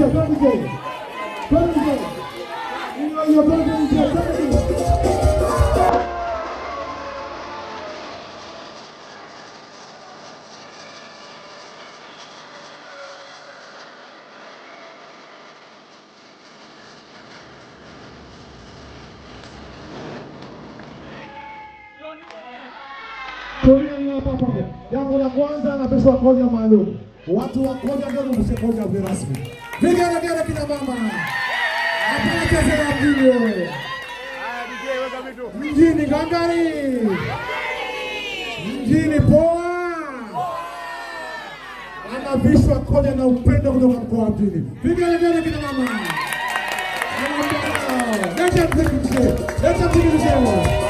Çok güzel. Çok güzel. Dünya yapabildiğince çok güzel. Jambo la kwanza napaswa koja maalum, watu wakoja ndio msikoja rasmi. Vijana kina mama, hapana cheza ya mjini gangari, mjini poa, anavishwa koja na upendo kutoka mkoa mjini. Vijana kina mama, leta mziki mzee, leta mziki mzee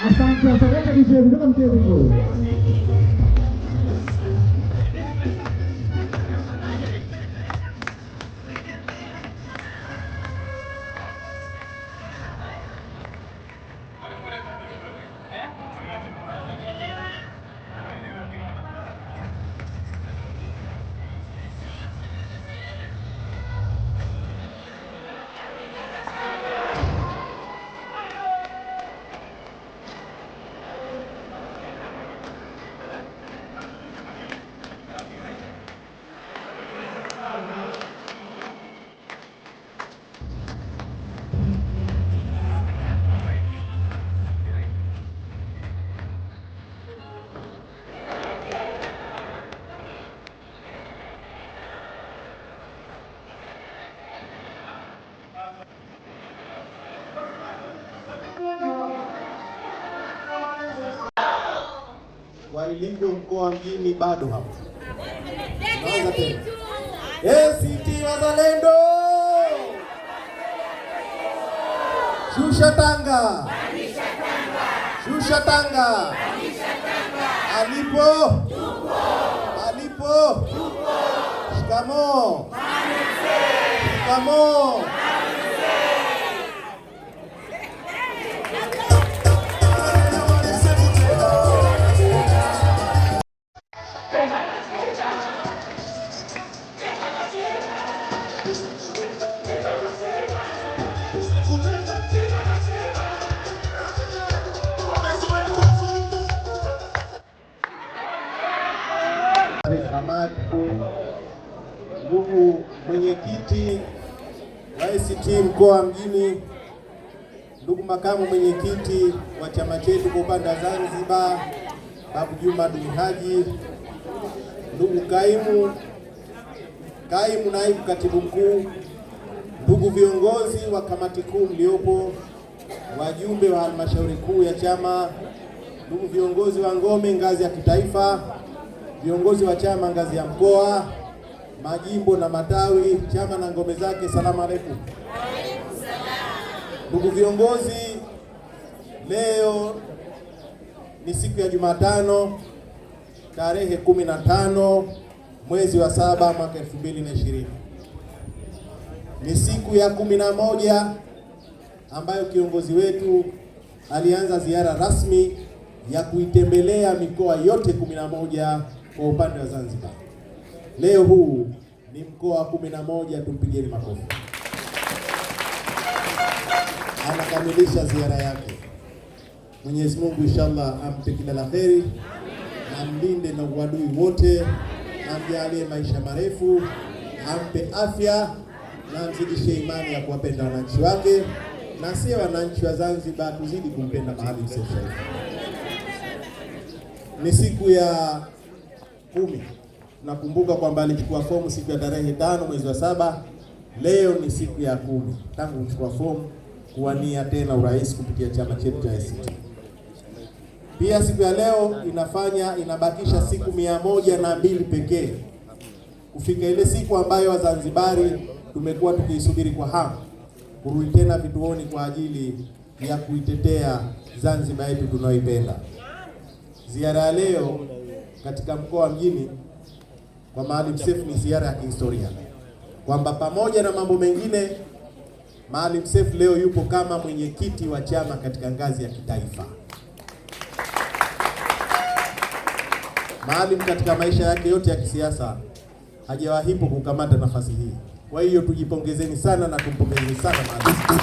di el itu kan kayak gitu. Walilimbe mkoa mjini bado hapo. ACT Wazalendo, shusha tanga, shusha tanga. Alipo alipo, shikamo, shikamo. Arif Hamad, ndugu mwenyekiti wa ACT mkoa Mjini, ndugu makamu mwenyekiti wa chama chetu kwa upande wa Zanzibar Babu Juma Duni Haji, ndugu kaimu kaimu naibu katibu mkuu, ndugu viongozi wa kamati kuu mliopo, wajumbe wa halmashauri kuu ya chama, ndugu viongozi wa ngome ngazi ya kitaifa viongozi wa chama ngazi ya mkoa, majimbo na matawi, chama na ngome zake, salamu aleikum. Ndugu viongozi, leo ni siku ya Jumatano tarehe 15 mwezi wa saba mwaka 2020. Ni siku ya kumi na moja ambayo kiongozi wetu alianza ziara rasmi ya kuitembelea mikoa yote kumi na moja kwa upande wa Zanzibar. Leo huu ni mkoa wa kumi na moja, tumpigeni makofi. Anakamilisha ziara yake. Mwenyezi Mungu inshallah ampe kila la heri, amlinde na uadui wote, amjalie maisha marefu, ampe afya na amzidishe imani ya kuwapenda wananchi wake na sie wananchi wa Zanzibar tuzidi kumpenda Maalim Seif Ni siku ya kumi. Nakumbuka kwamba alichukua fomu siku ya tarehe tano mwezi wa saba. Leo ni siku ya kumi tangu kuchukua fomu kuwania tena urais kupitia chama chetu cha ACT. Pia siku ya leo inafanya inabakisha siku mia moja na mbili pekee kufika ile siku ambayo Wazanzibari tumekuwa tukiisubiri kwa hamu kurudi tena vituoni kwa ajili ya kuitetea Zanzibar yetu tunaoipenda. Ziara ya leo katika mkoa wa Mjini kwa Maalim Seif ni ziara ya kihistoria, kwamba pamoja na mambo mengine Maalim Seif leo yupo kama mwenyekiti wa chama katika ngazi ya kitaifa. Maalim katika maisha yake yote ya kisiasa hajawahipo kukamata nafasi hii. Kwa hiyo tujipongezeni sana na tumpongezeni sana Maalim.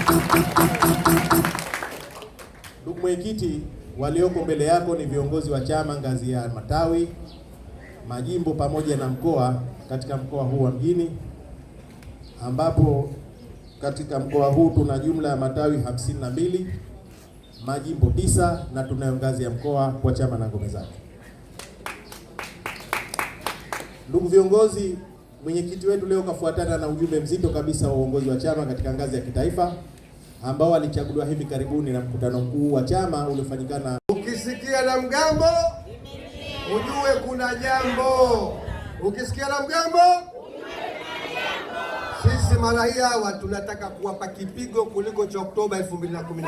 Ndugu mwenyekiti Walioko mbele yako ni viongozi wa chama ngazi ya matawi, majimbo pamoja na mkoa, katika mkoa huu wa Mjini, ambapo katika mkoa huu tuna jumla ya matawi 52 majimbo tisa, na tunayo ngazi ya mkoa kwa chama na ngome zake. Ndugu viongozi, mwenyekiti wetu leo kafuatana na ujumbe mzito kabisa wa uongozi wa chama katika ngazi ya kitaifa ambao walichaguliwa hivi karibuni na mkutano mkuu wa chama uliofanyikana. Ukisikia la mgambo ujue kuna jambo, ukisikia la mgambo sisi marahia hawa tunataka kuwapa kipigo kuliko cha Oktoba 2015.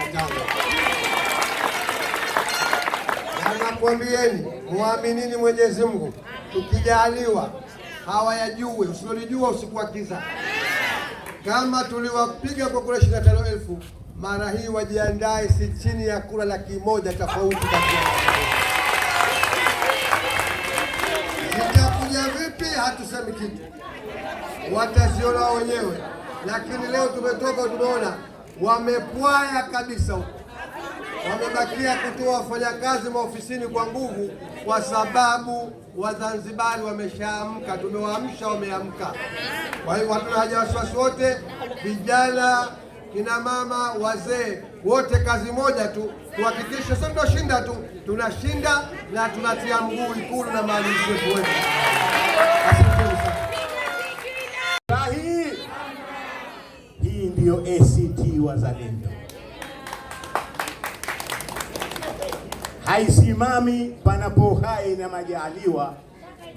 Nakwambieni, muaminini Mwenyezi Mungu, tukijaliwa hawayajue, usilolijua usikuakiza. Kama tuliwapiga kwa kura ishirini na tano elfu mara hii wajiandae, si chini ya kura laki moja tofauti zitakuja vipi, hatusemi kitu, wataziona wenyewe. Lakini leo tumetoka tumeona wamepwaya kabisa huko wamebakia kutoa wafanyakazi maofisini kwa nguvu, kwa sababu Wazanzibari wameshaamka, tumewaamsha, wameamka. Kwa hiyo watu haja wasiwasi, wote vijana, kina mama, wazee, wote kazi moja tu, tuhakikishe sio tunashinda tu, tunashinda na tunatia mguu Ikulu na maadili yetu wetu. Hii ndiyo ACT Wazalendo. haisimami panapo hai na majaliwa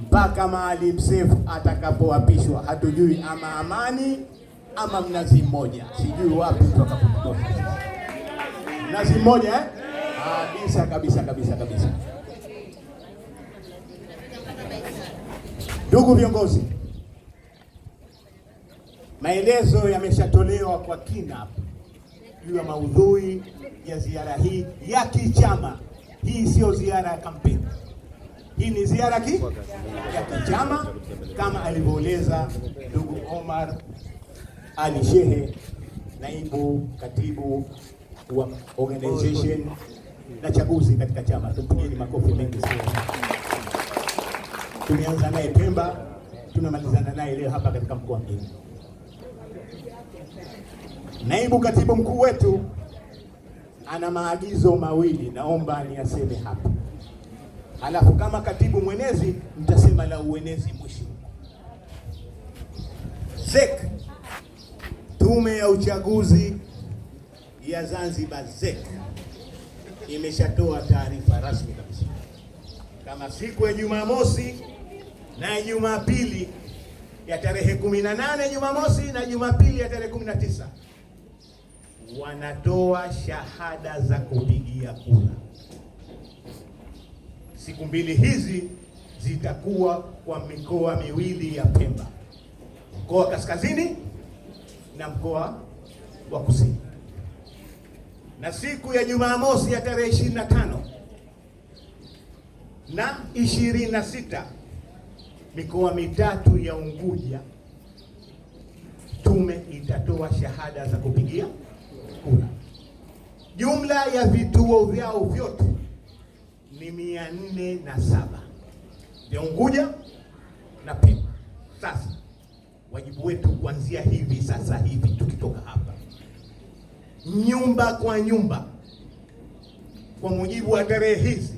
mpaka Maalim Seif atakapoapishwa. Hatujui ama amani ama mnazi mmoja, sijui wapi tutakapotoka. Mnazi mmoja eh? Kabisa kabisa kabisa kabisa. Ndugu viongozi, maelezo yameshatolewa kwa kina juu ya maudhui ya ziara hii ya kichama. Hii sio ziara ya kampeni, hii ni ziara ki? ya kichama kama alivyoeleza ndugu Omar Ali Shehe, naibu katibu wa organization na chaguzi katika chama. Tupigeni makofi mengi sana. Tumeanza naye Pemba, tunamalizana naye leo hapa katika mkoa mjini. Naibu katibu mkuu wetu ana maagizo mawili, naomba niyaseme hapa, alafu kama katibu mwenezi nitasema la uenezi mwisho. ZEC, tume ya uchaguzi ya Zanzibar ZEC imeshatoa taarifa rasmi kabisa kama siku ya Jumamosi na Jumapili ya tarehe 18 Jumamosi na Jumapili ya tarehe 19 wanatoa shahada za kupigia kura. Siku mbili hizi zitakuwa kwa mikoa miwili ya Pemba, mkoa wa kaskazini na mkoa wa kusini. Na siku ya Jumamosi ya tarehe 25 na 26 mikoa mitatu ya Unguja tume itatoa shahada za kupigia kura. Jumla ya vituo vyao vyote ni mia nne na saba vya Unguja na Pemba. Sasa wajibu wetu kuanzia hivi sasa hivi tukitoka hapa, nyumba kwa nyumba, kwa mujibu wa tarehe hizi,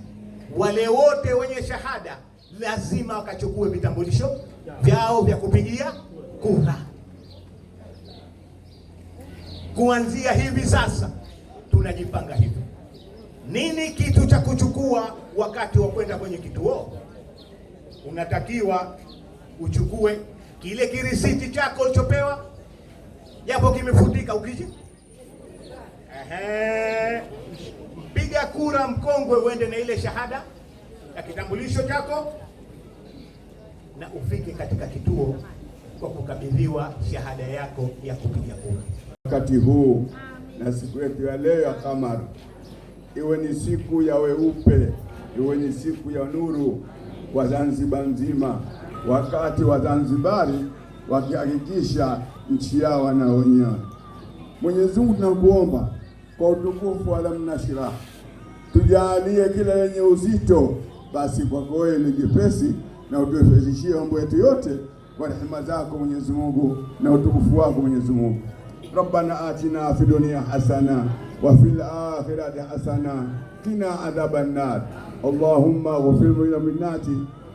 wale wote wenye shahada lazima wakachukue vitambulisho vyao vya kupigia kura kuanzia hivi sasa tunajipanga hivyo. Nini kitu cha kuchukua wakati wa kwenda kwenye kituo? Unatakiwa uchukue kile kirisiti chako ulichopewa, japo kimefutika. Ukija mpiga kura mkongwe, uende na ile shahada na kitambulisho chako, na ufike katika kituo kwa kukabidhiwa shahada yako ya kupiga kura wakati huu na siku yetu ya leo ya kamar iwe ni siku ya weupe, iwe ni siku ya nuru kwa Zanzibar nzima, wakati wa zanzibari wakihakikisha nchi yao wanaonya. Mwenyezi Mungu tunakuomba kwa utukufu wa Alamnashira, tujalie kila yenye uzito basi kwako wewe ni jepesi, na utuwepesishie mambo yetu yote kwa rehema zako Mwenyezi Mungu na utukufu wako Mwenyezi Mungu. ربنا آتنا في الدنيا حسنة وفي الآخرة حسنة قنا عذاب النار اللهم اغفر لنا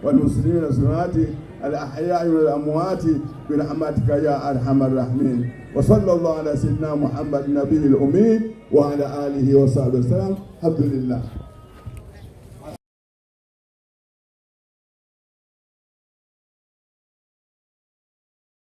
والمسلمين والمسلمات الأحياء والأموات برحمتك يا أرحم الراحمين وصلى الله على سيدنا محمد النبي الأمي وعلى آله وصحبه وسلم الحمد لله